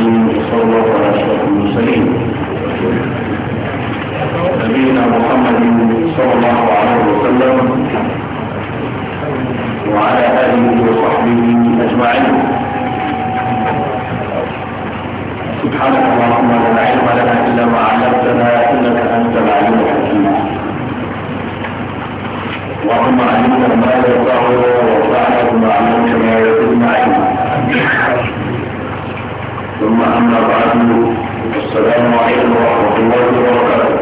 الرحيم وصلى الله على اشرف نبينا محمد صلى الله عليه وسلم وعلى اله وصحبه اجمعين سبحانك اللهم لا علم لنا الا ما علمتنا انك انت العليم الحكيم اللهم علمنا ما ينفعنا وانفعنا بما علمتنا وزدنا علما ثم أما بعد السلام عليكم ورحمة الله وبركاته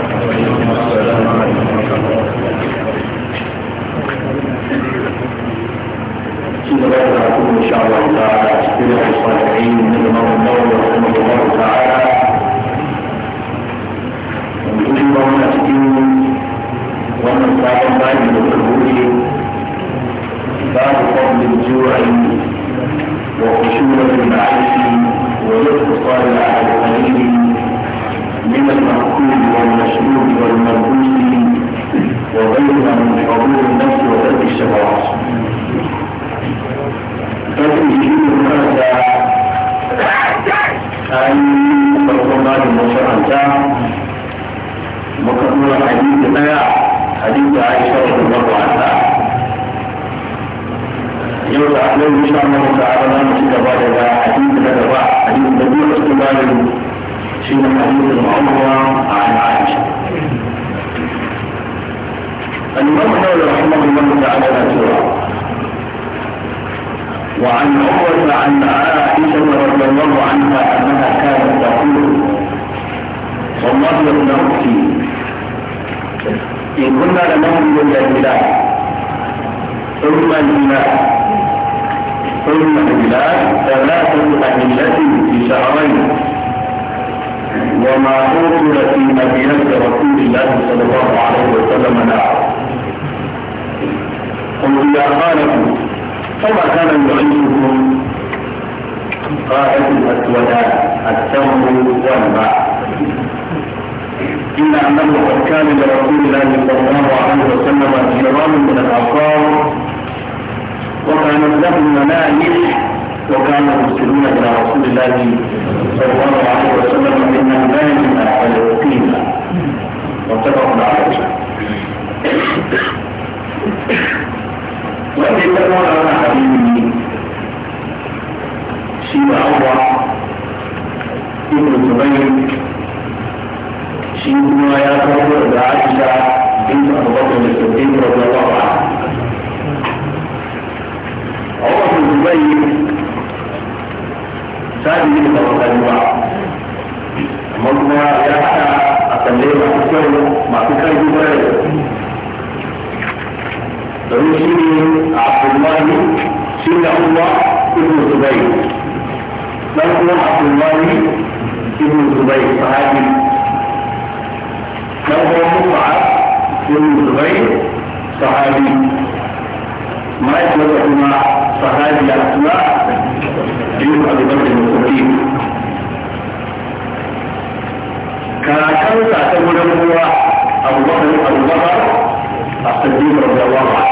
وبركاته إن شاء الله تعالى سبيل الصالحين من الله النووي رحمه الله تعالى ومن هنا ومن صاحب بعد من الخروج بعد فضل الجوع وخشونة المعيش والاقتصاد على القليل من المحكوم والمشروب والملبوس وغيرها من حضور النفس وترك الشبعات فتجيب الناس أن تقومات المشرعة مكتوبة حديث ما حديث عائشة رضي الله عنها yau da Allah ya sha mu da Allah mu ci gaba da da hadisi da gaba hadisi رحمه الله تعالى سورة وعن عروة عن عائشة رضي الله عنها أنها كانت تقول والله يا ابن إن كنا لنهدي إلى البلاد ثم البلاد ثم البلاد ثلاثة أهلة في شهرين وما أرسل في مدينة رسول الله صلى الله عليه وسلم لا قلت يا خالد فما كان يعيشكم قائد الأسود التمر والماء إن أنه قد كان لرسول الله صلى الله عليه وسلم جيران من الأنصار وكانت لهم مناهج وكان المسلمون الى رسول الله صلى الله عليه وسلم من مناهجنا ويقينا واتفقوا عليه وفي تقوى على حبيبه شيبة أوضع ابن الزبير شيبة ما يقول بعائشة بنت أبو بكر الصديق رضي الله عنه عمر بن الزبير سعد بن توكل amma kuma ya haɗa a kalle masu kyau masu karfi kwarai domin shi ne a abdullahi shi ne kuma ibn zubai dan kuma abdullahi ibn zubai sahabi dan kuma musa ibn zubai sahabi ma'aikata kuma sahaja yang kuat dia akan dibuat mustahil. Kalau kamu tak sempurna kuat Allah dan Abu Bakar akan itu akan mustahil.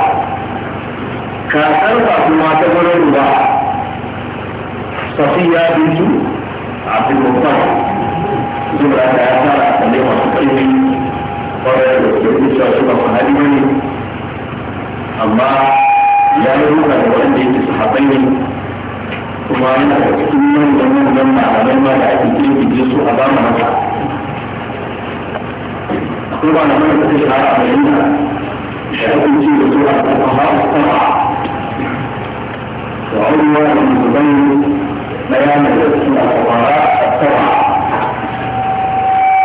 Itu berada di atas dan dia masuk ke ini. Oleh itu, dia bisa Allah ya yi ruka da wanda yake sahabbai ne kuma yana da cikin nan da nan nan malamai ma da ake kirkije su a zamanin sa akwai ba na mana da suke hara a bayyana da hukunci da su a kuma ba su sama da aurewa da musulmai bayanin da su a kuma ba su sama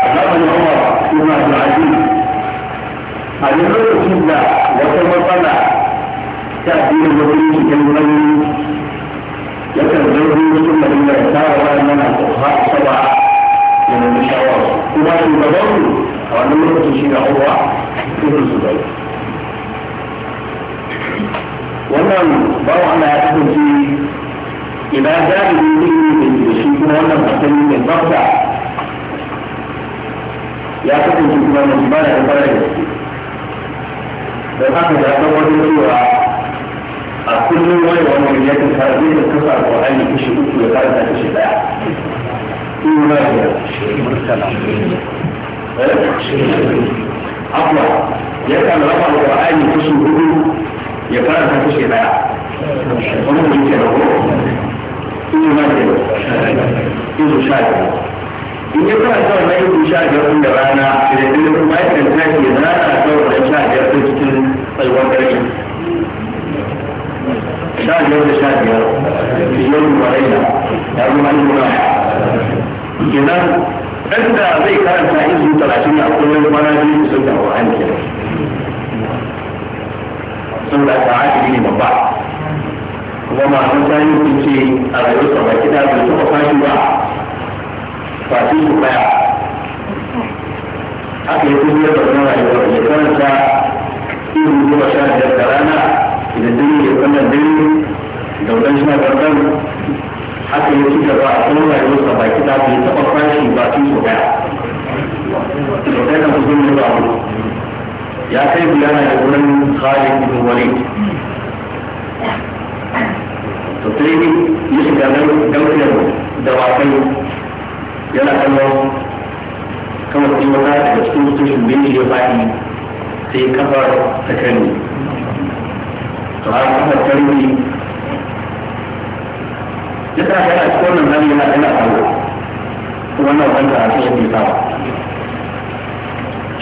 a zamanin umar suna da ajiyu a lokacin da wata matsala تأثير المدينة كالمدينة يتزوج ثم إلا يسار وأننا أصحاب سبعة من المشاور وما يبدون أو أن يمكن شيء عروة ابن الزبير wannan bawa ana ya kasance idan jami'in ilimin da shi kuma wannan asali mai tsafta ya kasance kuma mai ba da fara da shi don haka da ya san wani cewa a kullum wani wani ya kusa zai da kusa ko an yi kashi uku ya fara da kashi daya ina da abuwa ya kan raba alƙur'ani kashi hudu ya fara da kashi daya wani mun ke rago ina da izu sha biyar in ya fara kawai na izu sha biyar ɗin da rana da dalilin kuma ya kan tashi ya zana kawai da sha biyar ɗin cikin tsayuwar dare شاذ ولا شاذ في يوم وليلة يوم أن يراح إذا أنت زي كان سائل ثلاثين أو كل ما نادي سنة وعن كده سنة ساعات دي من بعض وما نسأل شيء على يوسف كده بيسوق فاشي باع فاشي بقى haka ya kuma yadda wani rayuwa ya karanta irin goma sha biyar da rana idan dare ya dare da wajen gargar haka ya ba a kuma rayuwarsa ba ba bai taɓa fashi ba tun so ɗaya so ɗaya kan kusurin da babu ya kai da khalid ibn walid to da yana kallon wata daga cikin mutum shi ya faɗi sai kafar ta kai sauraron kuma tarihi duk da yana cikin wannan hali yana yana faru wannan wanda a cikin bai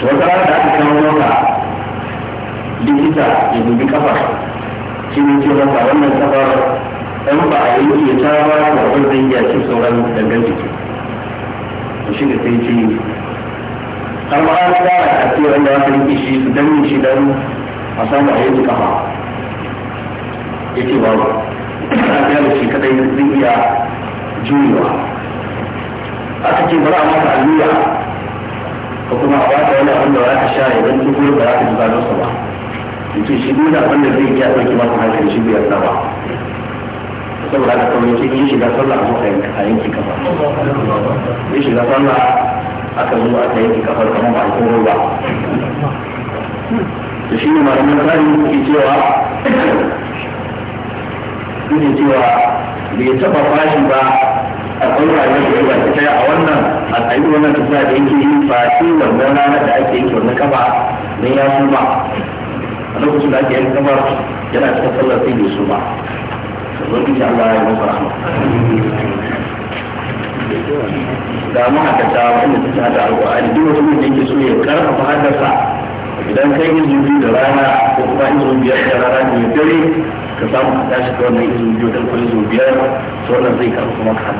sawa to wata rana da aka kawo mota likita ya dubi kafar shi ne ce masa wannan kafar ɗan ba a yanke ta ba ta wani zai iya cin sauran dangan to shi da sai ce har ma an tsara a cikin inda wata yanke shi su danne shi dan a samu a yanke kafa ya ce babu ya da shi kadai zai iya juyewa aka ce bari a maka alluya ko kuma a wata wani abin da za sha idan duk wani da za ka ji nasa ba ya ce shi duk abin da zai iya ɗauki masa hankali shi bai yarda ba saboda haka kawai yake yin shiga sallah a zuwa a yanki kafa yin shiga sallah aka zo aka yanki kafar kamar ba a koro ba to shi ne malamin tsari suke cewa shi ne cewa bai taɓa fashi ba akwai rayuwar da ya ba ta a wannan al'ayi wannan tafiya da yake yi ba fashi wannan ranar da ake yi wannan kafa na ya suma a lokacin da ake yin kafa yana cikin sallar sai bai suma ubangiji Allah ya masa rahama ga mu haka ta wanda ta ta da alƙur'ani duk wani mutum yake so ya karfafa haddasa idan kai yin zubi da rana ko kuma yin zubi da rana ne dare ka samu ka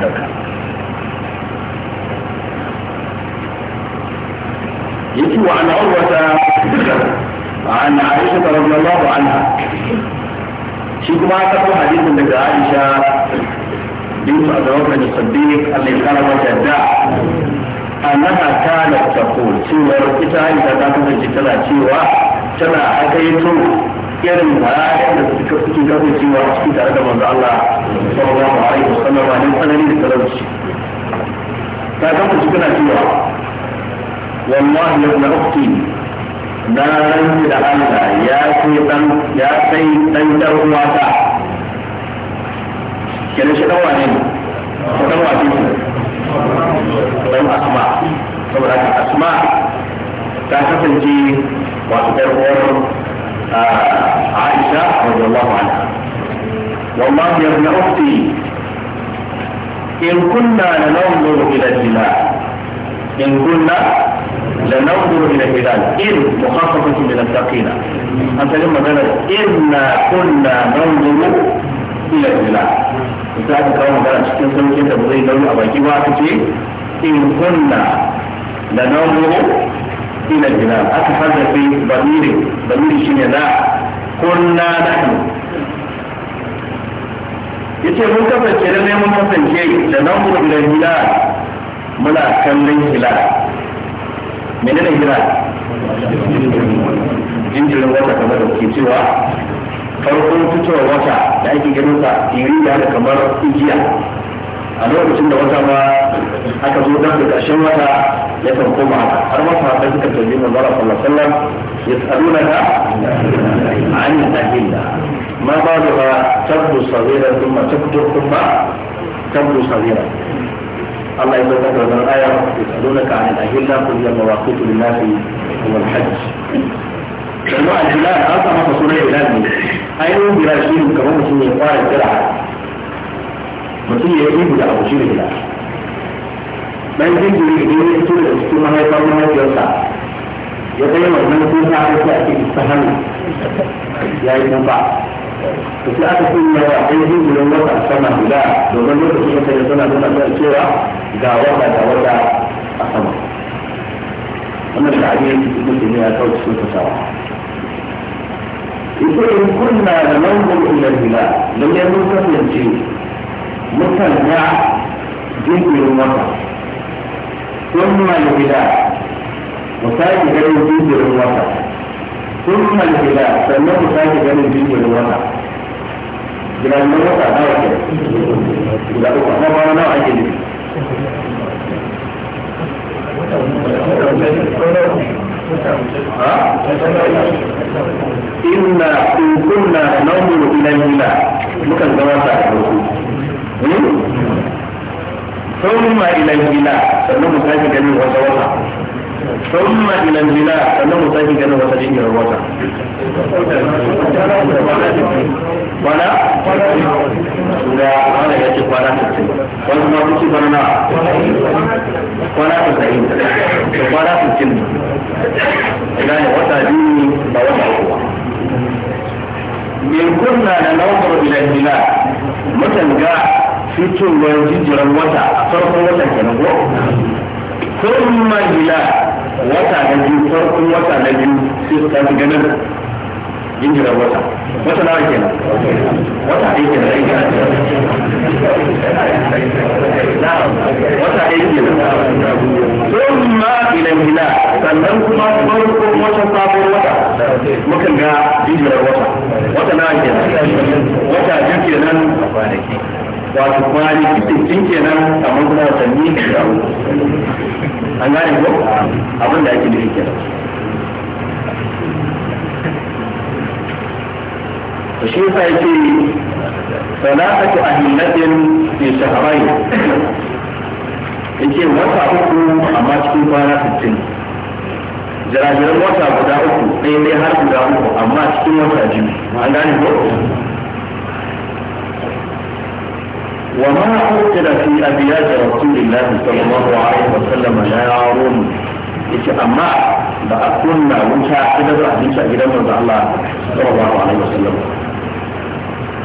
tashi عن عروة عن عائشة رضي الله عنها ما تقول حديث من عائشة بنت الله بكر الصديق اللي خرجت الداع أنها كانت تقول سوى إذا أنت تكون تنا تيوا تنا yang baik dan ketika kita kita kepada Allah sallallahu alaihi wasallam dan ini terus. Kata pun juga nak jiwa. Wallahi ya ibn ukhti dan tidak ada ya kuitan ya sayyid dan terus wasa. Kena cerita awak ni. Cerita awak ni. Dan asma. Sebab asma. Kata pun jiwa. Waktu terhormat عائشة رضي الله عنها والله يا ابن أختي إن كنا لننظر إلى الهلال إن كنا لننظر إلى الهلال إن مخصصة من التقينة أنت لما قالت إنا كنا ننظر إلى الهلال misali kawai magana cikin sauƙin da ba zai nauyi a baki ba لننظر ce in kunna da ila jina aka haddace bamiri bamiri shine na kunna Ya yace mun kasance da ne mun kasance da nan mu da jina muna kallon hilal menene hilal jinjirin wata kamar da ke cewa farkon fitowar wata da ake ganin sa iri da kamar igiya a lokacin da wata ba aka zo da da wata ya kan koma haka har ma ta suka tambayi manzo Allah sallallahu alaihi wasallam yas'alunaka an al-ahilla ma ba da ba'daha tabdu sawira thumma tabdu thumma tabdu sawira الله يقول لك من الآية يسألونك عن الأهلة قل هي مواقيت للناس والحج لأنه الهلال أصلا ما تصوري ne أي bi rashin شيء mutum ya fara الزرعة mutum ya yi guda abu shi ne gida bayan jinjiri idan ya fito da cikin mahaifar mahaifiyarsa ya kai wannan kuka a kai ake ta hannu ya yi kuka to sai aka a wa ɗan jinjirin wata sama guda domin lokacin ta kai suna nuna kan cewa ga wata ga wata a sama wannan da abin yanki cikin mutum ya kawo cikin fasawa ita in kunna da nan gudu ilar hila ya mun kasance مثل جاء جنبه وطن ثم الهلال وساكي جنبه جنبه وطن ثم الهلال فانه ساكي جنبه جنبه وطن جنبه وطن هذا كده لا أخبر أنا أجل إن كنا ننظر إلى الهلال مكان زمان ساعة ثم إلى البلاد sannan mu sake ganin ثم إلى البلاد sannan mu sake ganin wata jingiyar wata kwana da wanda ya ce kwana sittin wani kuma kuci kwana na kwana sittin da kwana sittin ne idan wata biyu ne ba wata da fitowar jijiran wata a farkon wata kenan ko kuma gila wata na biyu farkon wata na biyu sai su tafi ganin jinjiran wata wata nawa kenan wata ɗaya kenan ɗaya kenan wata ɗaya kenan kuma ilan gila sannan kuma farkon wata sabon wata mukan ga jinjiran wata wata nawa kenan wata a kenan wato kwanaki cikin kenan kamar kuma watanni da ya an gane ko abin da ake nufi kenan to shi yasa yake salatu ahillatin fi shahrayn yake wata uku amma cikin kwana 60 jirajiran wata guda uku ɗaya ɗaya har guda uku amma cikin wata biyu an gane ko وما أرسل في أبيات رسول الله صلى الله عليه وسلم نار yace amma da a kunna wuta a za a a gidan manzo Allah sallallahu alaihi wasallam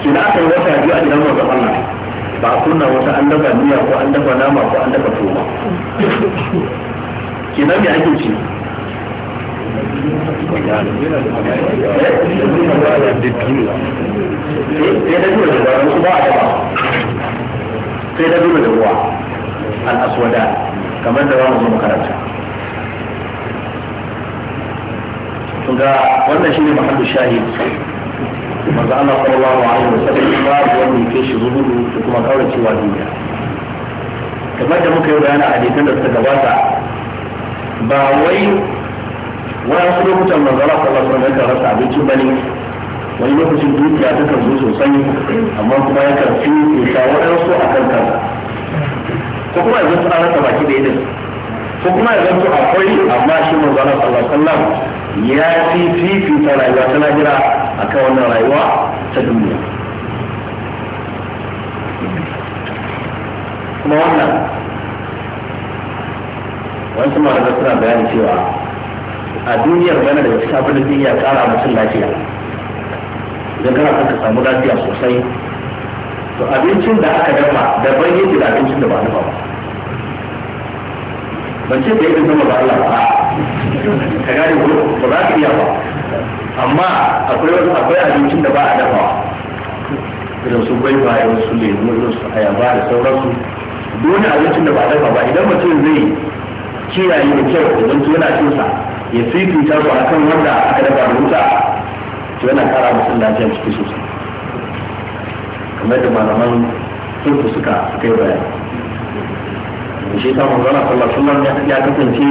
shi na aka yi wata biyu a gidan manzo Allah ba a kunna wuta an dafa miya ko an dafa nama ko an dafa tuwo kenan me ake ci sai da dole da ba su ba a dafa sai da dubu da ruwa al aswada kamar da za mu zo makaranta ga wannan shine mahallu shahid manzo Allah sallallahu alaihi wasallam babu wani ke shi zuhudu da kuma kauracewa duniya kamar da muka yi bayani a hadisan da suka gabata ba wai wani lokutan manzo Allah sallallahu alaihi wasallam ya rasa abincin bane wani lokacin dukiya ta kan zo sosai amma kuma ya kan fi isa waɗansu a kan kan ko kuma ya suna ta baki da idan ko kuma ya yanzu akwai amma shi manzo zana sallallahu alaihi wasallam ya fi fifita rayuwa ta lahira akan wannan rayuwa ta duniya kuma wannan wani kuma da suna bayani cewa a duniyar bana da wasu abin da zai kara mutum lafiya idan kana son ka samu lafiya sosai to abincin da aka dafa da daban yake da abincin da ba nufa ba ban ce da yake zama ba Allah ba ka gane ko ba za ka iya ba amma akwai wasu akwai abincin da ba a dafa irin su gwaiba irin su lemu irin su ayaba da sauransu dole abincin da ba a dafa ba idan mutum zai kiyaye da kyau idan tuna cinsa ya fifita su akan wanda aka dafa da wuta yana kara mutum lafiya ciki sosai kamar da malaman turku suka suka yi bayani shi samun zana sallallahu alaihi ya kasance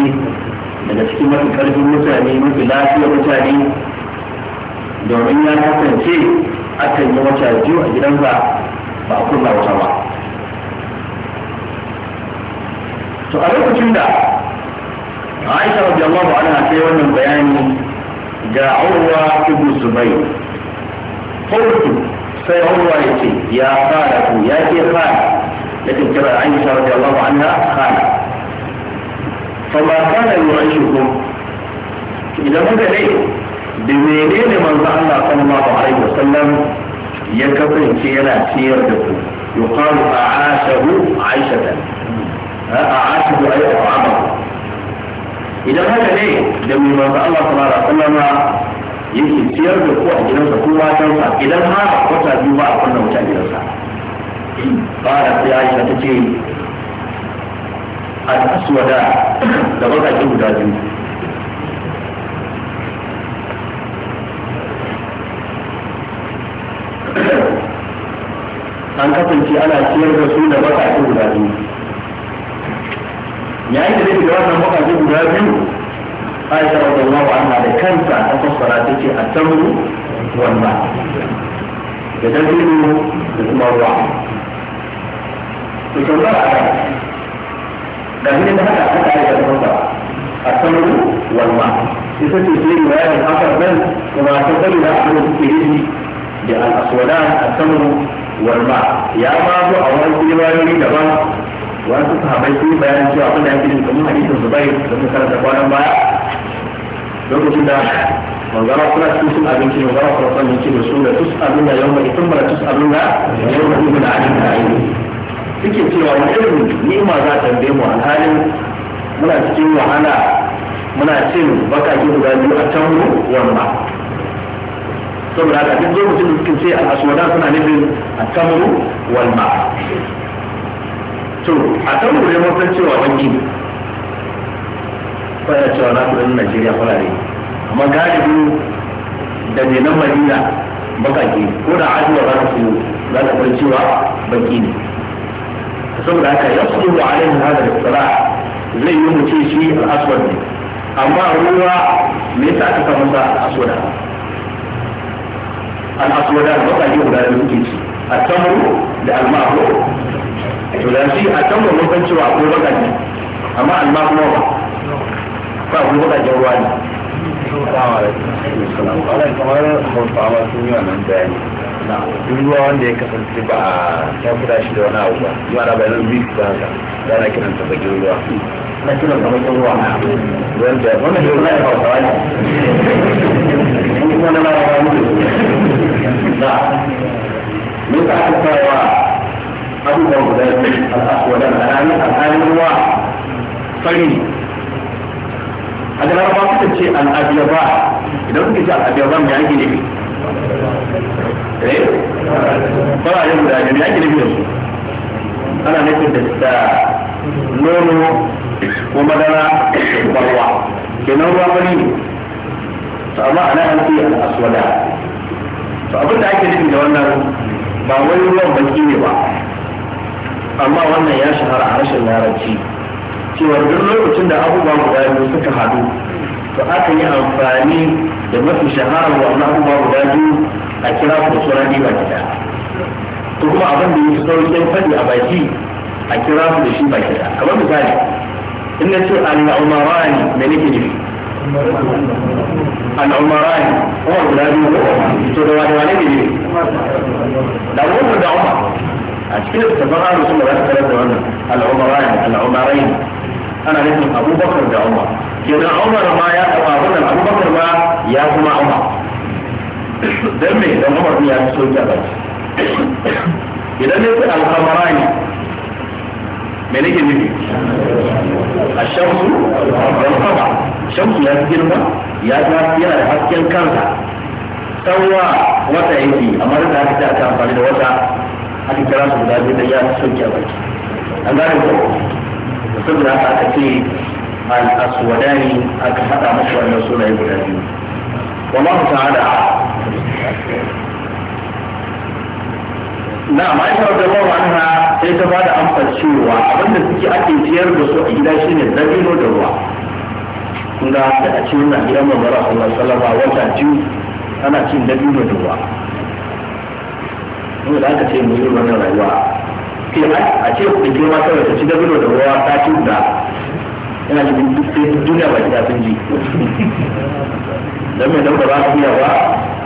daga cikin mafi karfin mutane mafi lafiyar mutane domin ya kasance aka yi wata biyu a gidansa ba a kunna wata ba to a lokacin da aisha radiyallahu ana sai wannan bayani ga urwa ibu zubai qultu sai urwa ya ce ya fara ku ya ce fara da a yi shawar da aisha an anha fara fama kana yu'ishukum idan muka ne da mene menene manzo Allah a yi wasallam ya kasance yana ciyar da ku yi a yuqalu a'ashahu aishatan a'ashahu ay ta'amahu idan haka ne da mai manzo Allah sallallahu alaihi wasallam yake ciyar da ku a gidansa ko matansa idan ha a kwata biyu ba a kunna wuta gidansa ba da sai Aisha ta ce al-aswada da baƙaƙen guda biyu an kasance ana ciyar da su da baƙaƙen guda biyu yayin da zai fita wannan mafaji guda biyu Aisha radiyallahu anha da kanta ta fassara ta ce at-tamru wal ma da ne da kuma ruwa to kan ba a da ne da haka aka yi da fassara at-tamru wal ma ita ce sai riwayar haka ban kuma ta da abin da suke yi da al-aswadan at-tamru wal ma ya ma zo a wani riwayoyi daban wasu sahabai sun yi bayanin cewa abin da ake nufi kamar hadisin zubair da suka karanta kwanan baya lokacin da manzara kuna cikin sun abinci ne manzara kuna son yanki da su da tus abin da yau mai tun mara tus abin da yau mai tun da ajin da aini suke cewa wani irin ni'ima za ta bai mu alhalin muna cikin wahala muna cin bakaki guda biyu a can mu yamma saboda haka duk lokacin da suke ce al'asuwa aswadan suna nufin a tamru wal ma to a kan mu ne mun cewa banki ne fara cewa na kudin Najeriya farare amma galibi da ne nan Madina bakaki ko da ajiwa za ka siyo za ka san cewa banki ne saboda haka ya yasudu alaihi hada al tsara zai yi mutum shi al ne amma ruwa me yasa aka masa aswada al-aswada bakaki guda da muke ci at-tamru da al to da shi a can mun san cewa akwai bakaje amma alma kuma ba ba akwai bakajen ruwa ne kamar hausawa sun yi wannan bayani duk ruwa wanda ya kasance ba a takura shi da wani abu ba yi ana bayanin mix da haka da ana kiransa bakin ruwa na kiran sa bakin ruwa wanda wannan shi ruwa ya hausawa ne kuma na larabawa ne na me ka aka tsayawa abubuwan guda biyu al'aswadan alhalin alhalin ruwa fari a da laraba suka ce ba, idan suka ce al'abiyaba mai ake nufi eh fara yin guda biyu mai ake nufi da su ana nufin da nono ko madara ko ruwa kenan ruwa fari ne to amma ana an ce al'aswada to abin da ake nufi da wannan ba wani ruwan baki ne ba amma wannan ya shahara a rashin larabci cewar duk lokacin da abubuwa guda biyu suka haɗu to aka yi amfani da mafi shahara wannan abubuwa guda biyu a kira su da suna riba gida to kuma abin da yake sauƙin faɗi a baki a kira su da shi ba gida kamar misali in na ce al ne me nake nufi al ne kuma guda biyu to da wani ne da wani da umar أشكال التبرع رسول الله صلى الله عليه العمرين العمرين أنا لازم أبو بكر ده عمر كنا عمر ما يا أبونا أبو بكر ما يا هما عمر دمي ده عمر يا رسول الله إذا نقول العمرين من يجي نبي الشمس والقمر الشمس يا سيدنا يا سيدنا يا حسين كانت سوى وتعيدي امرتها هكذا كان فالي وتعيدي aka kira su guda biyu da ya soke a baki an gane ko saboda haka aka ce al-aswadani aka haɗa musu wannan sunaye guda biyu wallahu ta'ala na'am aisha radiyallahu anha sai ta bada amsar cewa abinda suke ake ciyar da su a gida shine dabino da ruwa kun ga da a cikin na gidan manzara sallallahu alaihi wasallam wata biyu ana cin dabino da ruwa mu da aka ce mu yi wannan rayuwa ke a ce ku je ma kawai ta ci da dabino da ruwa ta ci da yana da sai duniya ba ta sun ji don mai dauka ba su iya ba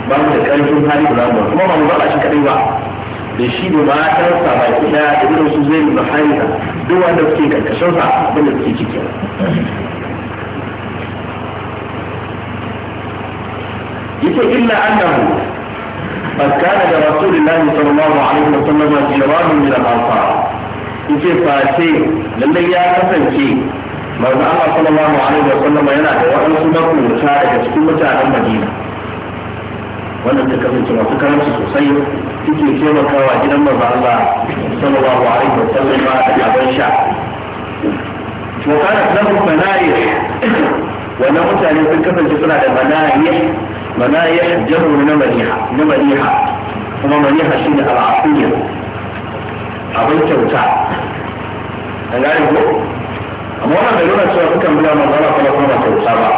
ba mu da karfin hali da zamu kuma ba mu ba shi kadai ba da shi da matarsa ba ki da da irin su zai da harisa duk wanda suke karkashin sa abin da suke ciki yace illa annahu كان لرسول الله صلى الله عليه وسلم جيران من الأنصار يجي فاتي لما يا كفن شيء ما الله صلى الله عليه وسلم ينا وأنا سمعت من شارك سكوت مدينة المدينة وأنا تكفن شيء وفكر نفسه سيء كيما كوا جنب الله صلى الله عليه وسلم يا بشا وكانت له مناية ونمت أن يكون كفن شيء صلى الله عليه وسلم mana ya jaru na maliha na maliha kuma maliha shi ne al'afiyya abin kyauta an gane ko amma wannan da nuna cewa sukan bila manzana kuma kuma kyauta ba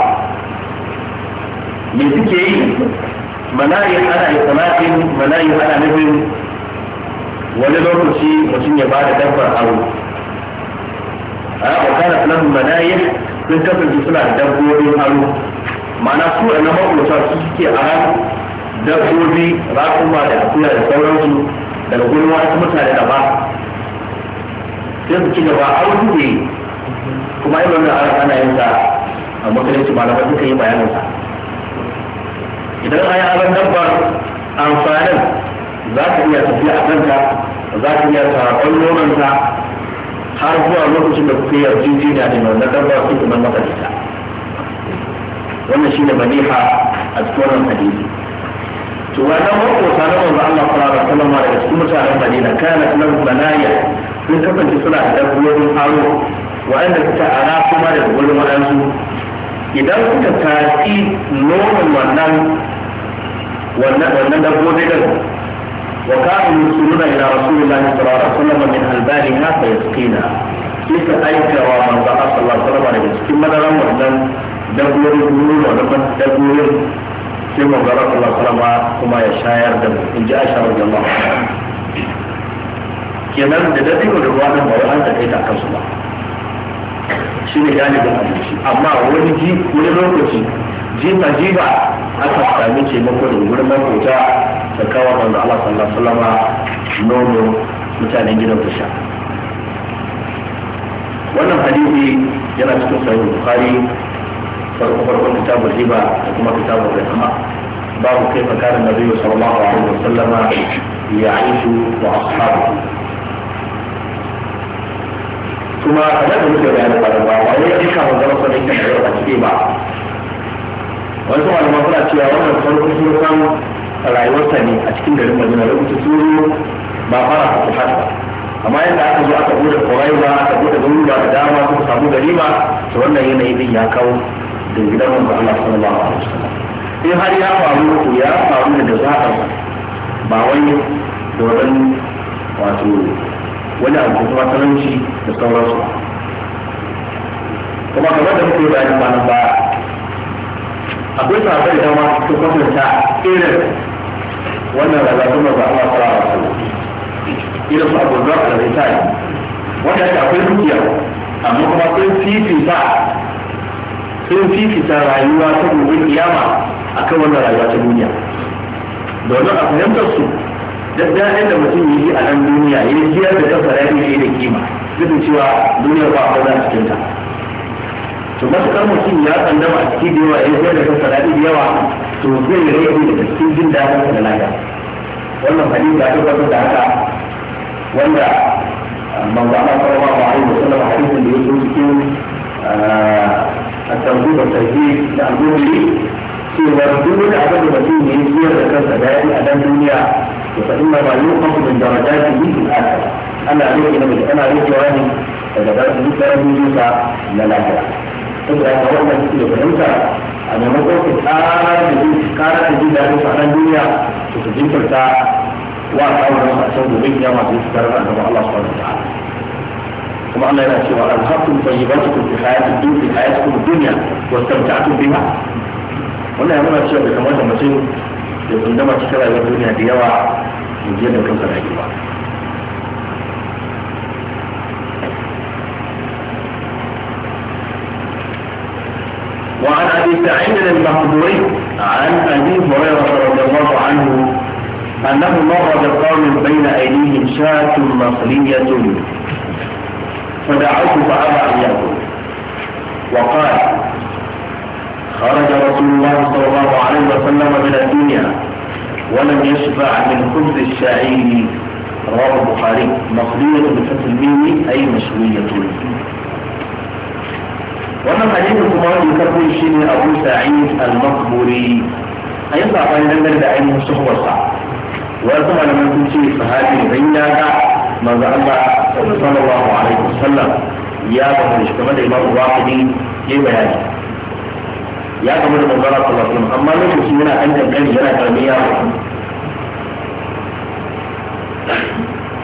me suke yi mana ya hana itlaqin mana ya hana nufin wani lokaci mutum ya bada dabbar aro a wakana nan mana ya sun kasance suna dabbobin aro ma'ana su a nan makulta su suke a ran dabbobi raƙuma da akuya da sauransu daga gudun wasu mutane da ba sai su ci gaba a ne kuma yi wannan aran ana yin sa a makaranci malamai suka yi bayanin sa idan an yi aran dabbar amfanin za ka iya tafiya a kanta za ka iya sarakon nonanta har zuwa lokacin da kuka yi yarjejeniya da wannan dabbar su kuma maka wannan shi ne badiha a cikin wannan hadisi to wa nan makota na manzo Allah sallallahu alaihi wasallam da kuma mutanen Madina kana nan banaya sun kasance suna da dabbobin aro wa'anda suka ara kuma da gurin wadansu idan suka tafi nonon wannan wannan wannan dabbobi din wa kanu yusuluna ila rasulullahi sallallahu alaihi wasallam min albaniha fa yasqina sai ka aika wa manzo Allah sallallahu alaihi wasallam daga cikin madaran wannan dabbobin nuna da dabbobin sai mu ga Allah kuma kuma ya shayar da mu in ji Aisha radiyallahu anha kenan da dabino da ruwa nan ba wai kai ta kansu ba shi ne galibin shi? amma wani ji wani lokaci jifa jifa aka sami taimako da wurin makota da kawo manzo Allah sallallahu alaihi wasallam nono mutanen gidan su sha wannan hadisi yana cikin sahih bukhari farko farkon kitabul riba da kuma kitabul rikama babu kai fakara nabi sallallahu alaihi wasallama ya aishu wa ashabu kuma a da muke bayani ba ba wani ya kika mun zama sanin kan da cike ba wasu malama suna cewa wannan farko sun san rayuwarsa ne a cikin garin Madina lokacin suru ba fara ku hada ba amma yadda aka zo aka bude kuraiba aka bude garuruwa da dama suka samu garima to wannan yanayi din ya kawo to gidan manzo Allah sallallahu alaihi wasallam in har ya faru to ya faru da za a ba wani da wani wato wani abu kuma talauci da sauransu kuma kamar da muke bayanin ba nan ba akwai sahabbai da ma su kwatanta irin wannan rayuwar manzo Allah sallallahu alaihi wasallam irin su abu da zai ta yi wanda akwai dukiya amma kuma sun fifita sun fifita rayuwa ta gobe kiyama akan wannan rayuwa ta duniya domin a fahimtar su da daɗin da mutum yi a nan duniya ya yi jiyar da kansa rayu yi da kima duk cewa duniyar ba a a cikin ta to matuƙar mutum ya tsandama a cikin da yawa ya jiyar da kansa rayu da yawa to zai rage da cikin jin daɗin da lafiya wannan hadisi ta tabbatar da haka wanda ah, manzo Allah sallallahu alaihi wasallam hadisin da yake cikin ah, atau di bersajid tak boleh sehingga dunia ada berbagi ini dia akan sadari ada dunia sebab ini malu kamu menjarakan ini di atas anak dia kena menjadikan anak dia jualan ini dan ada di dalam dunia dan ada itu berapa orang yang tidak berusaha anak mungkin kita jadi sekarang jadi dalam keadaan dunia seperti kita wakil orang-orang yang masih sekarang adalah Allah SWT ومعنى ذلك وأظهرتم طيباتكم في حياة الدنيا في حياتكم الدنيا واستمتعتم بها ولا يا مولانا الشيخ بكم واحد مسير يقول لما تشترى إلى الدنيا بيوع من جنة كم سنة يجب وعن أبي سعيد المحضوري عن أبي هريرة رضي الله عنه أنه مر بقوم بين أيديهم شاة مصرية فدعوت فأبى أن يأكل وقال خرج رسول الله صلى الله عليه وسلم من الدنيا ولم يشبع من خبز الشعير رواه البخاري مخلية بفتح الميم أي مشوية وما حديث القمر يكفي شيء أبو سعيد المقبوري أيضا قال لنا الدعين صحوة صعب وأتم على من تمشي فهذه بيننا manzo Allah sallallahu alaihi wasallam ya bambance kamar da imamu wahidi ya bayani ya kamar da manzo Allah sallallahu alaihi wasallam amma lokaci yana kan kankani yana karami ya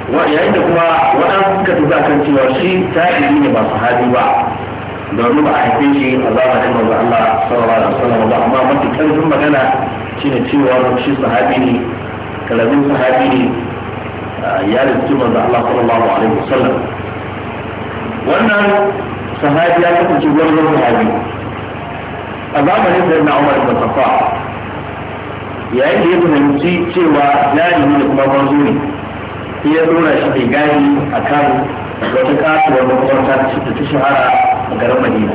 wa yayin da kuma waɗansu suka tuba kan cewa shi tabi'i ne ba sahabi ba domin ba a haife shi a zamanin manzo Allah sallallahu alaihi wasallam ba amma mafi karfin magana shine cewa shi sahabi ne kalabin sahabi ne ya rubuci da Allah sallallahu alaihi wasallam wannan sahabi ya kasance gwarzon sahabi a zamanin da na Umar bin Khattab yayin da ya fahimci cewa jahili da kuma gwarzo ne sai ya dora shi mai gani akan wata kasuwar makwabta da ta shahara a garin Madina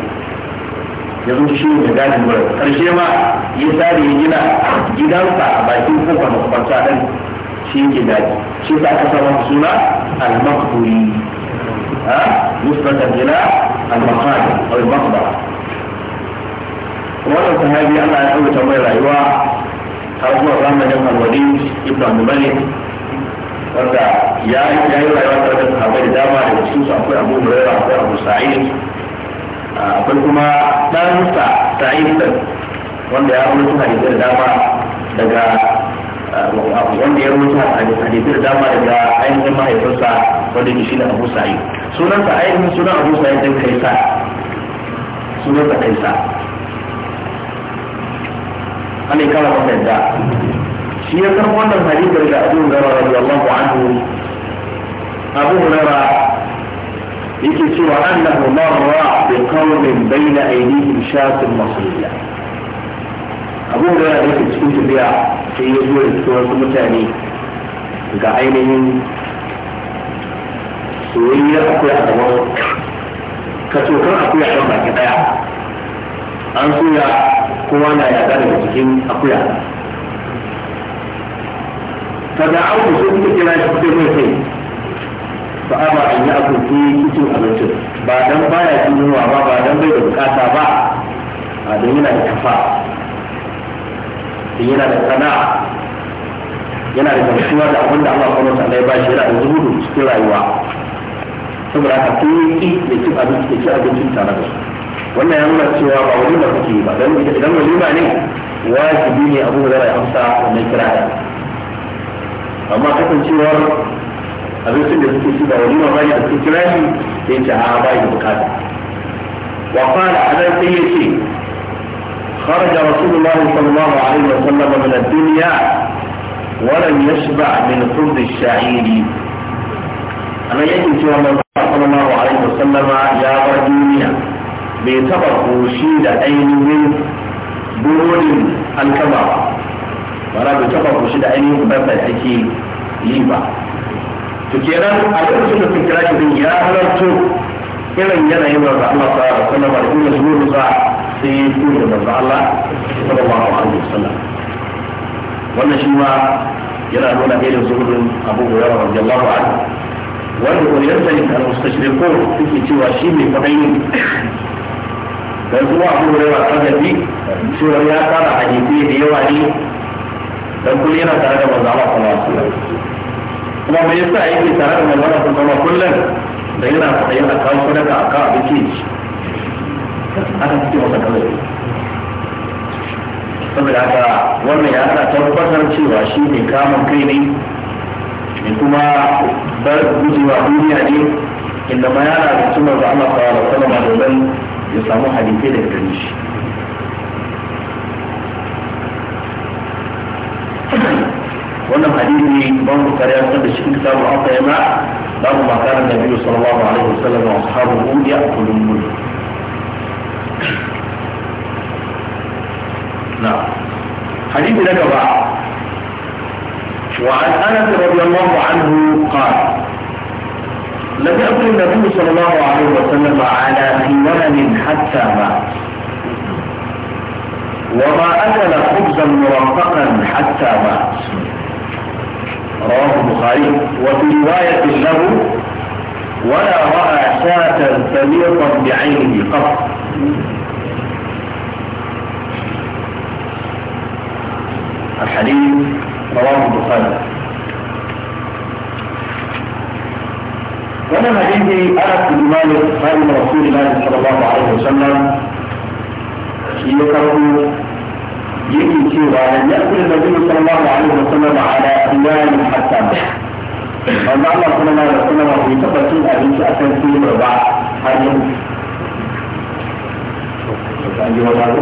ya zo shi ne gani gwarzo karshe ma ya sare gina gidansa a bakin kofar makwabta din shi yake daji shi ta aka samu suna al-maqburi ha nisbatan ila al-maqam aw al-maqbara wannan sahabi Allah ya tsawaita mai rayuwa har zuwa zamanin al-walid ibn al-malik wanda ya yi rayuwa tare da sahabbai da dama daga cikin su akwai Abu Hurairah akwai Abu Sa'id ah, akwai kuma ɗansa Sa'id wanda ya kuma suna da dama daga wanda ya rubuta hadisai da dama daga ainihin mahaifinsa wanda ke shi da abu sa'id sunansa ainihin sunan abu sa'id ɗin kaisa sunansa kaisa ana kama masa yadda shi ya san wannan hadisar da abu hurara radiyallahu anhu abu hurara yake cewa annahu marra kawo qawmin bayna aydihim shatun masriya Abin da yana yake cikin tafiya sai ya zuwa da wasu mutane ga ainihin soyayya akwai a gaban kacokan akwai a kan baki daya an soya kowa na yaga daga cikin akuya kaga an ku kuka kira shi kuka mai kai a ba an yi abinci ke cikin abincin ba don baya jin yunwa ba ba dan bai da bukata ba a don yana da kafa yana da sana'a yana da gamsuwa da abinda da Allah kuma sannan ya bashi yana da zuhudu cikin rayuwa saboda haka kun yi da cin abinci da cin abincin tare da su wannan ya nuna cewa ba wani da kuke ba don idan walima ne wajibi ne abu da ya amsa wannan kira da amma kasancewar abincin da suke ci ba walima ba ne da suke kira shi sai ce a ba yi bukata wa fara a nan sai ya ce خرج رسول الله صلى الله عليه وسلم من الدنيا ولم يشبع من خبز الشعير أنا يجب أن الله صلى الله عليه وسلم يا رجوليا بيتبقوا شيد أين من برود الكبار ولا بيتبقوا شيد أين من بابا تكي ليبا تكيران أدرس في الكراج يا هلالتو إلا إن ينا الله صلى الله عليه وسلم sai ya koyi da manzo Allah sallallahu alaihi wasallam wannan shi ma yana nuna irin zuhurin Abu Hurairah radiyallahu anhu wanda uliyarsa ne kan mustashriqun suke cewa shi mai kwadayi dan kuma Abu Hurairah kadabi cewa ya tsara hadisi da yawa ne dan kullum yana tare da manzo Allah sallallahu alaihi wasallam kuma me yasa yake tare da manzo Allah sallallahu alaihi wasallam kullum da yana kwadayi a kawo sadaka a kawo abinci aka fi masa kawai saboda haka wannan ya ana tabbatar cewa shi ne kamun kai ne ne kuma bar gujewa duniya ne inda ma yana da sunan da Allah sallallahu alaihi wasallam domin ya samu hadisi da gani shi wannan ne ban bukari an da shi kitabu al-qayyima babu makaran nabiyyu sallallahu alaihi wasallam wa ashabuhu ya'kulun mulk نعم حديث لك بعض وعن أنس رضي الله عنه قال لم يأكل النبي صلى الله عليه وسلم على ثمن حتى مات وما أكل خبزا مرققا حتى مات رواه البخاري وفي رواية له ولا رأى شاة سليطا بعينه قط الحديث رواه البخاري ومن حديث انس بن مالك خادم رسول الله صلى الله عليه وسلم يكره يجي سوى لم يأكل النبي صلى الله عليه وسلم على ايام حتى مات. الله صلى الله عليه وسلم في تفسير أبي سأسن في الرباع an ji wata ko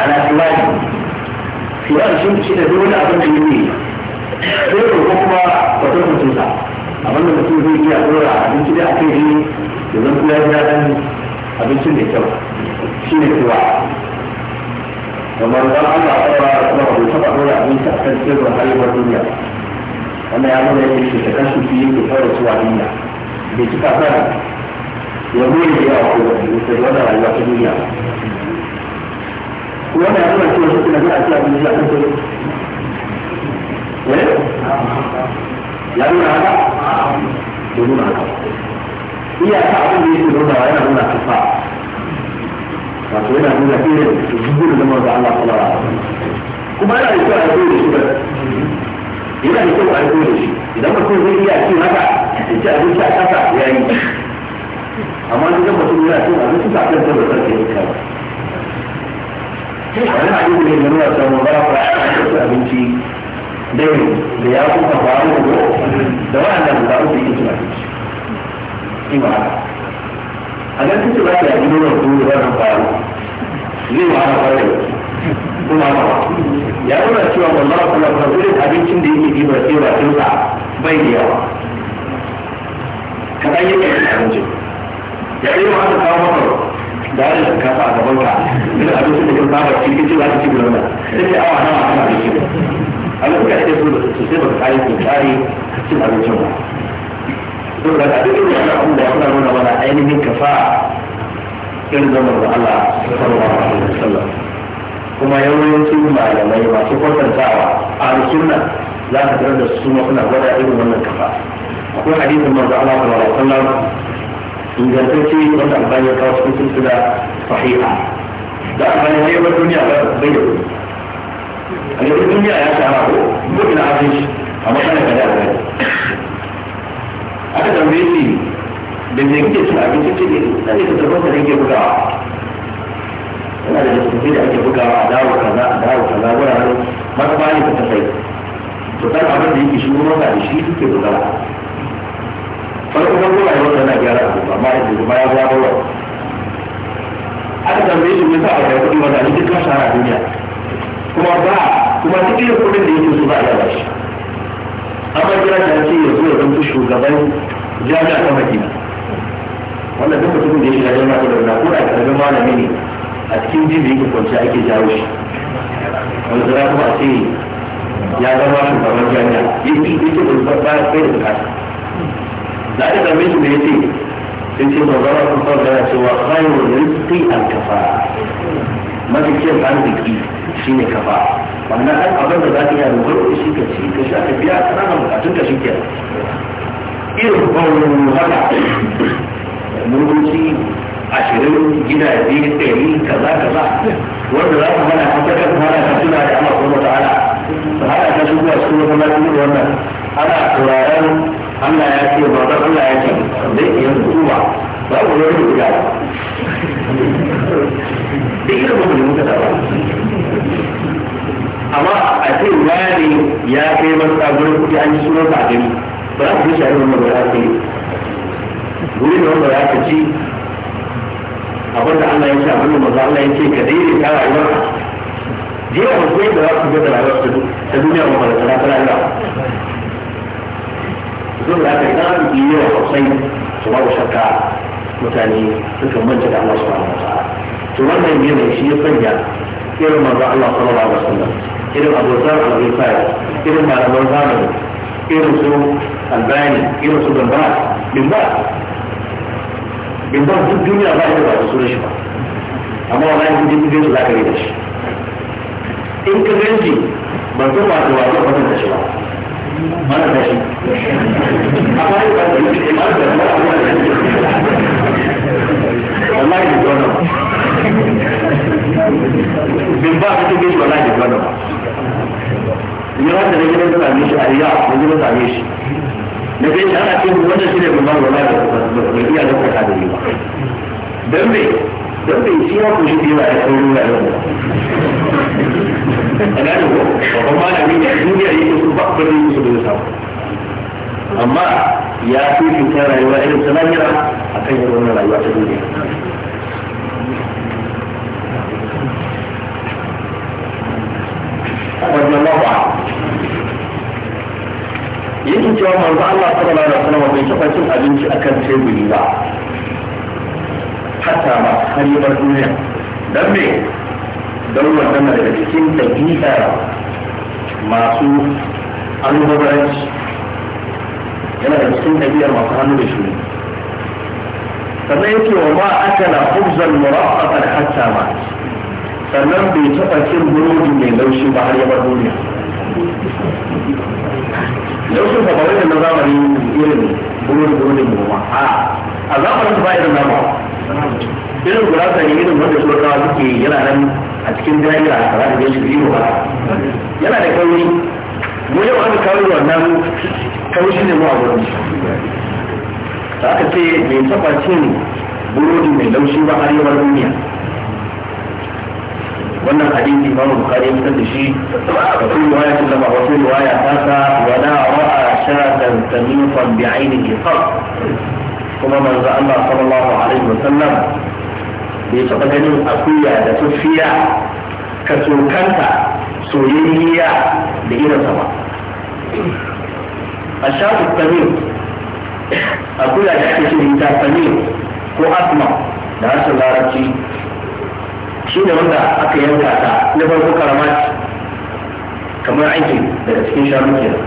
ana imani shi an shi shi da dole abin da yake sai ko kuma wato mutum sa abin da mutum zai iya dora abinci da aka yi da zan kula da dan abincin da kyau shi ne kuwa kamar dan Allah tsara kuma bai taba dora abinci a kan sirrin haihuwar duniya wannan ya nuna yake shi ta kashi fiye da kawai suwa duniya bai cika sana ya bude da yawa ko da shi sai wata rayuwa ta duniya wanda ya zama cewa suna ga a cikin duniya ta kai eh ya nuna haka ya nuna haka iya ta abin da yake nuna yana nuna kafa wato yana nuna irin zubbin da manzo Allah sallallahu alaihi wasallam kuma yana da kyau a yi da shi yana da kyau a yi da shi idan mutum zai iya cin haka ya ci abinci a kasa ya yi amma duk mutum yana cin abinci ba kan tabbatar da ya kai wani hadisi ne da nuna samun ba ku a abinci dai da ya kuka faru da go da wa'annan da su yi cin abinci ima a nan kuka ba da yi nuna su da wannan faru zai wa ana faru kuma ba ya nuna cewa wallahi kula kula irin abincin da yake ɗibar tsewa tsinsa bai da yawa kaɗan yake da abincin da sai ma aka kawo maka da ya ka kafa a gaban ka duk abin da kan saba ci kici za ka ci gaba sai sai awa nawa kana da shi a lokacin da sai su sai ba kai ku tsari cin abincin ba saboda ka duk irin abin da ya fara nuna mana ainihin kafa irin zaman da Allah sallallahu alaihi wasallam kuma yawancin malamai masu kwatantawa a sunna za ka tarar da su suna gwada irin wannan kafa akwai hadisin manzo Allah sallallahu alaihi wasallam ingantacce wanda albani ya kawo cikin silsila sahiha da albani ne bar duniya ba bai da kuɗi a yanzu duniya ya shahara ko ko ina abin shi amma kana kada albani aka tambaye shi da me kike cin abinci ce ne sai ka tabbata da yake bugawa yana da littattafai da ake bugawa a dawo kaza a dawo kaza wuraren masu bani ka tafai to kan abin da yake shi ruwa da shi suke bugawa farko farko na yau tana gyara abu amma ya ce kuma ya zuwa daura aka tambaye shi me sa aka yi kuɗi wanda ni duk kasa a duniya kuma ba kuma duk irin kuɗin da yake so ba ya ba shi amma jira ta ce ya zo ya zanto shugaban jami'a ta madina wannan duk mutumin da ya shiga jami'a ta madina ko da karamin malami ne a cikin jin da yake kwanci ake jawo shi wanda za kuma a ce ya zama shugaban jami'a yake ya ce ba ya da bukata da aka same shi me yace sai ce ba zara kun fara yana cewa khairul rizqi al kafa mafi kyan arziki shine kafa wannan an abin da zaka yi rubar rubutu shi ka ci ka sha ka biya kana bukatun ka shi kenan irin bawon haka mutunci ashirin gina gidaje ɗari kaza kaza wanda za ku mana haka kan fara ka tuna da Allah subhanahu wa ta'ala su hada ta shigo a cikin wannan wannan ana turaren Allah ya ce mazan Allah ya ce zai iya mutuwa ba ku zai mutu da duk irin mutum da muka taɓa amma a ce wani ya kai masa gurin kuɗi an ji sunan sa gani ba za su yi shari'a wanda ba za su yi gurin da wanda ya su ci abin da Allah ya ce abin da maza Allah ya ce ka daidai ka rayuwar jiya ba su yi da za su ga da rayuwar ta duniya ba ba da tsara ta ba. don da haka idan arziki yi yawa sosai su babu shakka mutane suka manta da Allah subhanahu wa ta'ala to wannan yanayi shi ya sanya irin manzo Allah sallallahu alaihi wasallam irin abokan al-rifai irin malaman zamani irin su albani irin su gamba bimba bimba duk duniya ba ita ba su shi ba amma wala in ji kuje su da shi in ka ganji ban san wato wato ba ta shi ba mara da shi amma yi ba da yake mara da mara da yake wallahi da gona bin ba ka tafi wallahi da gona ba ni wanda na gidan same shi a riya na gidan same shi na bai shi ana ce wannan shi ne bin ba wallahi da gona ba iya da kuka da yi ba don me don bai shi ya kushe da yawa ya sauri ya zama a gane ko babban malami da duniya ya kusa ba ba zai kusa da samu amma ya fi fitar rayuwa irin ta lahira a kan yin wannan rayuwa ta duniya رضي cewa manzo Allah sallallahu alaihi wasallam bai taba cin abinci akan teburi ba hatta ba har yi bar duniya don me don wannan daga cikin dabi'a masu annobaranci yana da cikin dabi'ar masu hannu da shuni sannan yake wa ma aka na hubzan mura'afan hatta ma sannan bai taɓa cin burodi mai laushi ba har ya bar duniya laushin ba bare da na zamani irin burodi burodin goma a a zamanin ba irin nama irin gurasa ne irin wanda turkawa suke yana nan a cikin jami'a a kara da gan shi ba yana da kauri mu yau aka kawo wannan shi ne mu a gurin da aka ce mai taba cin burodi mai laushi ba har arewar duniya wannan hadisi imam bukhari ya fitar da shi da kuma ya ta zama wasu riwaya wa sa wala ra'a shatan tamifan bi'ainihi qat kuma manzo Allah sallallahu alaihi wasallam bai taɓa ganin akuya da tafiya ka tsokanta soyayya da irinsa ba a shafi tamir akuya da ake shirin ta tamir ko asma da harshen larabci shi ne wanda aka yanka ta na farko karamaci kamar aiki daga cikin shanu kenan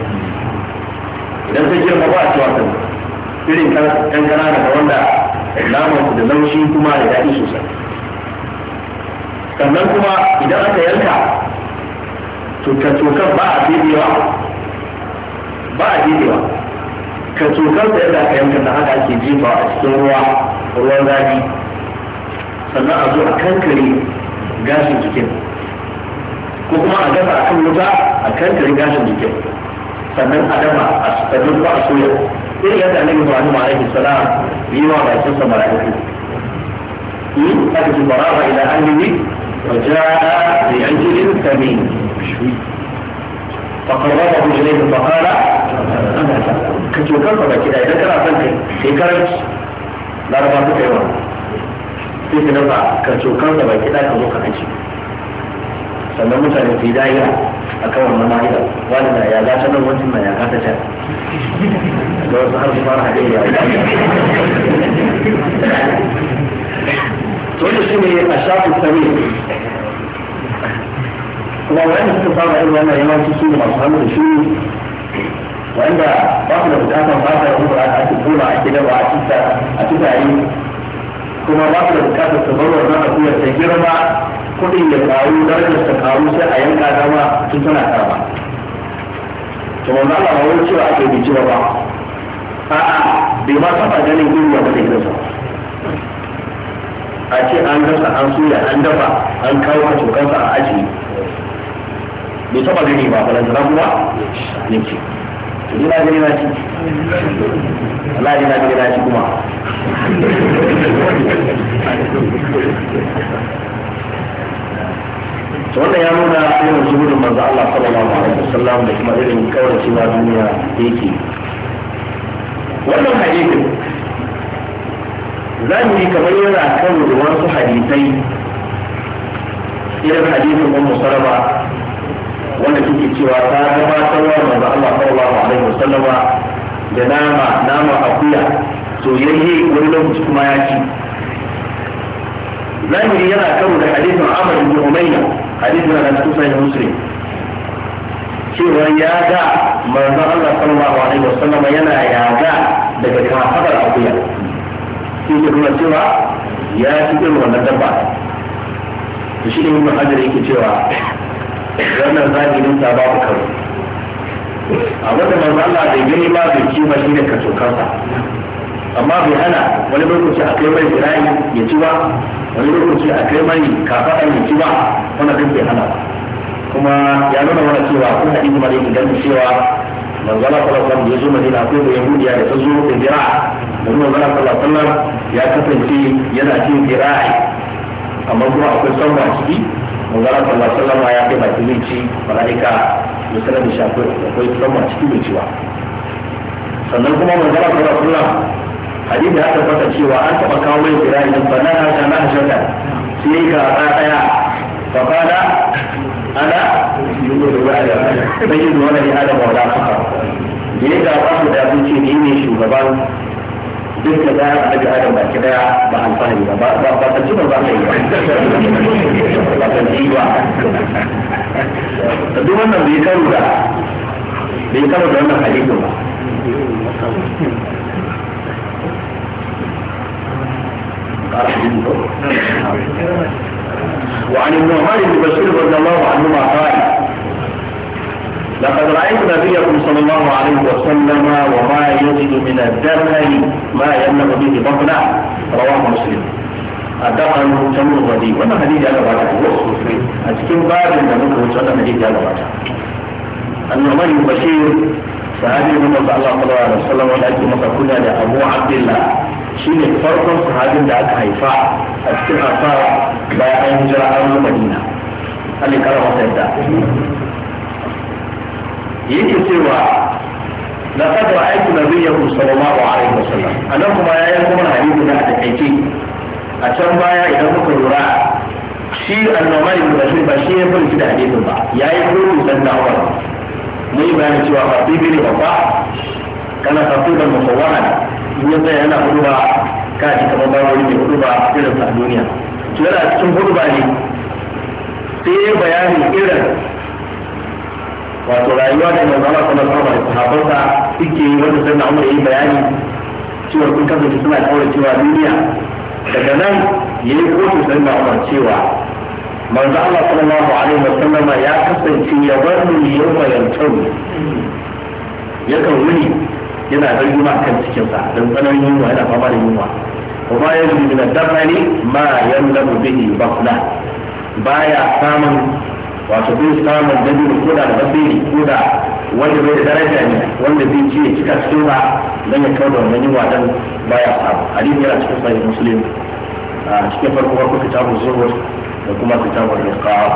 idan sai girma ba a cewa tamir irin kan kanana da wanda lamar da laushi kuma da daɗi sosai sannan kuma idan aka yanka tokan ba a fiɗewa ba a fiɗewa ka tokan da yadda aka yanka na haka ake jefa a cikin ruwa ruwan zafi sannan a zo a kankare gashin jikin ko kuma a gasa a kan wuta a kankare gashin jikin sannan a dama a sadin ba a soya irin yadda annabi Ibrahim alaihi salam yi wa bakin sa mala'iku in aka ji bara'a ila annabi wa ja'a bi ajlin kamin فقربه إليه فقال كتوكل فبكدا إذا كان أصلا في كرج لا ربا تكيوان sai ka dafa ka cokan da baki ɗaya ka zo ka aji sannan mutane su yi dariya a kawar na ma'ida wani na ya gata nan wancan na ya gata can da wasu har su fara haɗe ya to da shi ne a shafin sami kuma wani suka fara irin wannan yawanci su ne masu hannu da shi wanda ba su da bukatan ba su da kuma a cikin kuma a cikin a a cikin kuma ba su da bukatan su bar wannan akuyar ta girma kuɗin ya faru darajar ta karu sai a yanka dama tun tana karba to wanda Allah ba wani cewa ake bi cewa ba a'a bai ma saba ganin irin ya mutum ba. a ce an gasa an suya an dafa an kawo a cokansa a aji bai saba gani ba balantana kuma ne ce to ina gani na ci Allah ina gani na ci kuma to wannan ya nuna irin zuhurin manzo Allah sallallahu alaihi wasallam da kuma irin kawai cewa duniya yake wannan hadisin za mu yi kamar yana kan wasu hadisai irin hadisin ummu salama wanda suke cewa ta gabatarwa manzo Allah sallallahu alaihi wasallam da nama nama akuya soyayye wani lokaci kuma ya ci zamiri yana karo da hadisin Ahmad ibn Umayna hadisin na cikin sahih muslim cewa ya ga manzon Allah sallallahu alaihi wasallam yana yaga daga kafadar akuya shi ke nuna cewa ya ci irin wannan dabba to shi ne mun hajar yake cewa wannan zahirin sa babu karo a wanda manzon Allah bai gani ma bai ci ba shi ne kaso kansa amma bai hana wani lokaci a kai mai birayi ya ci ba wani lokaci a kai mai kafaɗan ya ci ba wani abin bai hana kuma ya nuna wani cewa kun hadisi mara yake ganin cewa manzala sallallahu alaihi ya zo madina akwai da yahudiya da ta zo da bira da manzala sallallahu alaihi ya kasance yana cin bira'i amma kuma akwai sanwa ciki manzala sallallahu alaihi wasallam ya kai baki mai ci mala'ika ya sanar da shi akwai sanwa ciki mai ciwa sannan kuma manzala sallallahu alaihi wasallam hadisi ya tabbata cewa an taba kawo mai idan bana na haka na hashaka sai ga ta daya fa kana ana yugo da wani yi wani ne da wala haka ne ga ba su da sun ce ne ne shugaban duk da gara a ga adam baki daya ba alfahari ba ba ba ta ci ba ba kai ba ba ta ci ba duk wannan bai karu da bai karu da wannan hadisi ba وعن النعمان بن بشير رضي الله عنهما قال لقد رأيت نبيكم صلى الله عليه وسلم وما يجد من الدرهم ما يملك به بطنا رواه مسلم الدرهم تمر غدي وانا حديث على بعض أتكلم بعد أن نقول هذا حديث على بعض النعمان بن بشير sahabi Muhammad صلى الله عليه وسلم ولكن masa لأبو عبد الله shine farkon sahabin da aka haifa a cikin asar bayan an hijira an zo madina Allah kara masa yadda yake cewa laqad ra'aytu nabiyyakum sallallahu alaihi wasallam anan kuma yayin kuma hadisi da aka kaice a can baya idan muka lura shi annabi ibn Bashir ba shi ya furta da hadisin ba yayi gurbin dan dawar mun yi bayanin cewa ba bibiri babba kana tafsirin musawwana ya tsaya yana hudu ba ka ji kamar ba wani mai hudu irin sa a duniya to yana cikin hudu ne sai ya bayani irin wato rayuwa da manzo Allah sallallahu alaihi wasallam da suke yi wanda sai na Umar yi bayani cewa kun kasance suna da kawai cewa duniya daga nan yayi kotu sai na Umar cewa manzo Allah sallallahu alaihi wasallama ya kasance ya bar mu yau mai yantar yakan wuni yana dan yunwa kan cikinsa don tsananin yunwa yana fama da yunwa kuma ya zubi na dabani ma yallabu bihi bakla baya samun wato bin samun da dabino ko da basiri ko da wanda bai da daraja ne wanda zai ci ya cika cikin ba dan ya kawo da wannan yunwa dan baya samu hadisi yana cikin sahih muslim a cikin farko farko kitabun zuhur da kuma kitabun riqaq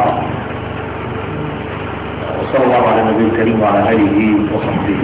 وصلى الله على النبي الكريم وعلى اله وصحبه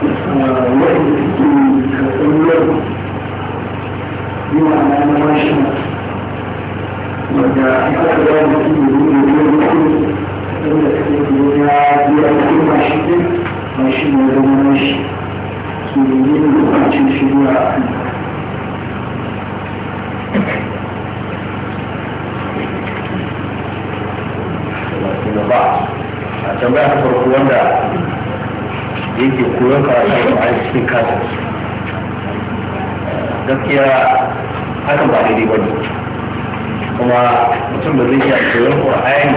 wanda suke karɓar yau yana na mashi wanda aka ba da su ne ne ne ne ne wanda suke ya biya kuɗin mashi ɗin mashi ne zama mashi su ne ne ne lokacin shirya a kan ba a tambaya yake koyon karatu a cikin kasa gaskiya hakan ba daidai ba ne kuma mutum ba zai iya koyon ƙur'ani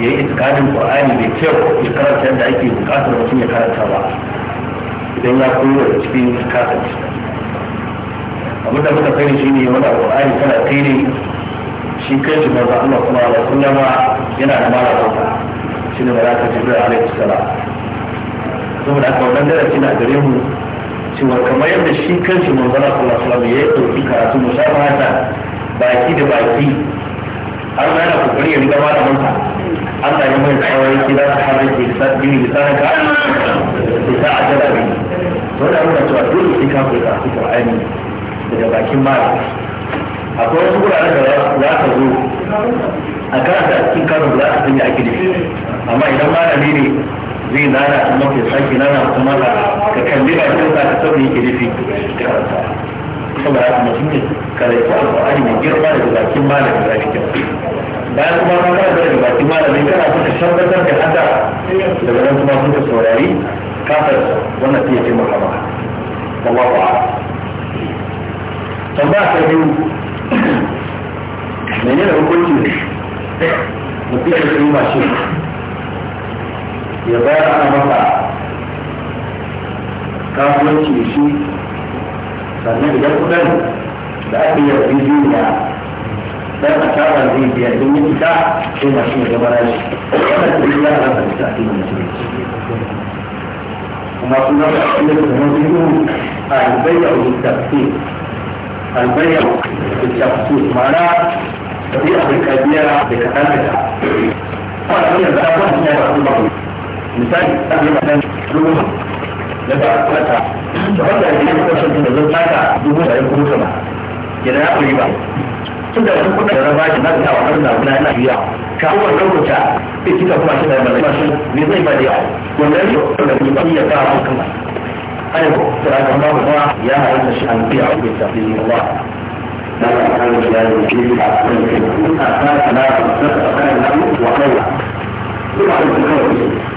ya yi itikadin ƙur'ani mai kyau ya karanta yadda ake buƙatar mutum ya karanta ba idan ya koyo da cikin kasa abinda muka sani shi ne wani ƙur'ani tana kai ne shi kai shi maza Allah kuma da kullama yana da mara kansa shi ne ba za ka ji da alaihi salam saboda aka wannan darasi na gare mu cewa kamar yadda shi kanshi manzon Allah sallallahu alaihi wasallam ya dauki karatu musabahata baki da baki har ma yana kokari ya riga malamin sa Allah ya mai tsawon yake za ta harin ke da tsara ka sai ta ajala ne to da mun cewa dole sai ka koyi karatu aini daga bakin malami akwai wasu wuraren da za ka zo a karanta cikin karin za ka sanya ake da amma idan malami ne zai nana a ke sake a kuma ka kalli ba ta ka tabbata yake nufi saboda ta mutum ne karatu alƙur'ani mai girma daga bakin malamin zafi kyau bayan kuma ka fara da baki malamin kana so tabbatar da haka daga nan kuma kuka saurari kafar wannan sai ce maka ba wallahu a'lam tambaya ta biyu menene hukunci mutum ya yi mashin ya bayar ana masa kasuwanci shi sannan idan kudin da aka yi yarjejeniya dan a tara zai biya don yi fita sai masu ya gaba na shi wannan kudi ya ana fahimta a cikin musulunci kuma sun zama a cikin musulunci a albayya wa tafsir albayya wa tafsir ma'ana da kuma abin kabiya da kaɗan da ta. Wannan yanzu abubuwan da ya ba su ba misali a yi magana dubu da ba a kwata da wanda ya yi kwashin da zai tsaka dubu da ya kuma ba idan ya kuri ba tun da wani kudin da raba shi na ta wani na wani yana biya ka kuma lokuta sai kika kuma shi da ya mallaki mashi ne zai ba da yawa ya yau da kuma iya kawo kuma ana ko tsara kan babu kuma ya haramta shi an biya ku da tafi Allah dan kan da ya yi a kan kuma ta ta na ta ta na wa kai kuma da kuma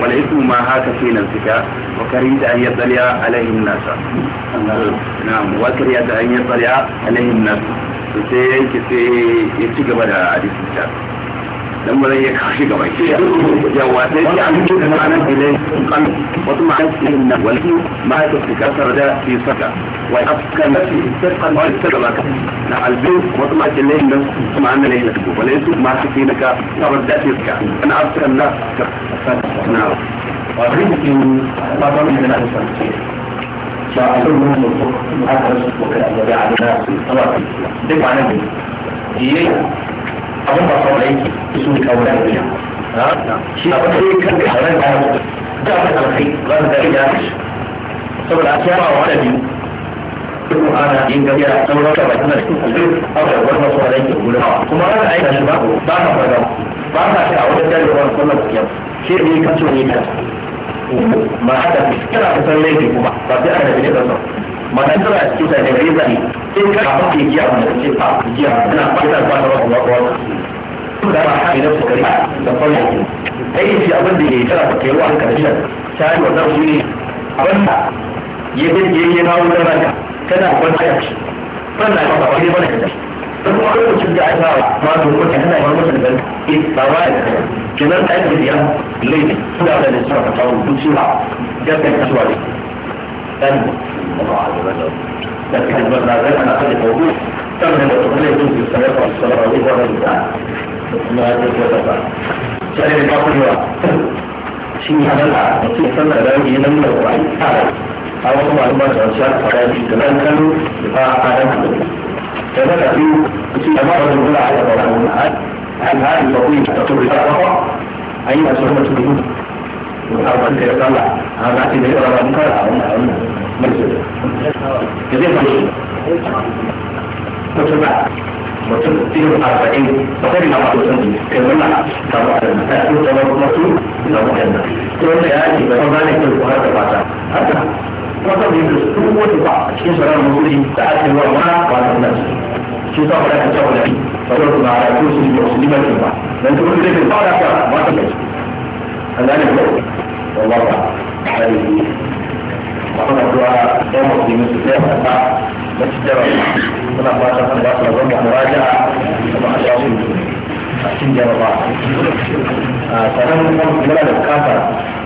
والإثم ما هاك في نفسك وكريت أن يطلع عليه الناس نعم وكريت أن يطلع عليه الناس sai yanke sai ya ci gaba dan ba zai iya kashe gaba ki yawa sai ya an ji ma'anar ilai kan wasu ma'anar ilin nan wani ma ya tafi kasar da fi saka wai afkan na fi sirkan wani sirka ba ka na albin wasu ma'anar ilai nan su ma'anar ilai na tuko wani su masu fi na ka sabar da fi saka na afkan na ka na wani cikin babban da na fi فأقول لهم الصبح هذا الصبح وكذا على الناس طبعا ده معناه ايه abin ba kawai yake su kaunar biya shi abin da ya kan kaunar ba da abin alkai ba da ya fi saboda a kiyama wa biyu duk ana yin gaskiya sauran ka suna da kudu a da wannan su da yake gudu kuma ana aika shi ba ba ka farga ba ka shi a wajen jari wannan sunan kiyam shi ne kan so ne ka ma haka kira ka san kuma ba sai ana da ne ba mata tana cikin ta daga yin zane sai ka kafa ke giya wanda kake fa giya tana fata ba ta wata wata da ba haɗe na su kare da fara yake ai shi abin da ya yi tana fata yawa a karshen ta yi wannan shi ne abin da ya bin ya yi na wurin ranka kana kwanta ya ci sannan ka ba wani bane ka ci kuma lokacin da aka ba ma don mutum kana yi masa da in ba wa ya kenan ta yi da ya laifi suna da ne suna fata wani duk suna kai ولكن الثاني ده كان برنامج انا كنت موجود كان لما تقول لي كنت الصلاه والصلاه عليه وانا بتاع ما قلت له بقى شايف الباطل هو شيء هذا نصيحه سنه ده ينمي القران أو طبعا ما شاء على الكلام كانوا فعلى فبدأ في في مرة الأولى على الأولى هل هذه الوظيفة تطور الرقم أين سهمة الوجود محاولة يطلع هذا إذا يقرأ مكرة أو مرسل كذلك مرسل وتبع وتبتين أربعين فقال ما بعد سنة كذلك كما أعلم تأتي تبع مرسل إلى مهمة تقول لي آتي فذلك القرآن تبعتا حتى وقد يدرس قوة بعض شيء سرى المسلم تأتي الورماء وعلى الناس شيء صار لك تقول لي فقلت مع رسول المسلمة لأن تقول لك البعض أكثر ما تبعت فذلك والله تعالى وقد أدعى يوم الدين السلام بس جرى كنا فاشا كنا فاشا لهم مراجعة كما أشعرون أشين جرى الله فنحن نقوم بلا لكاتا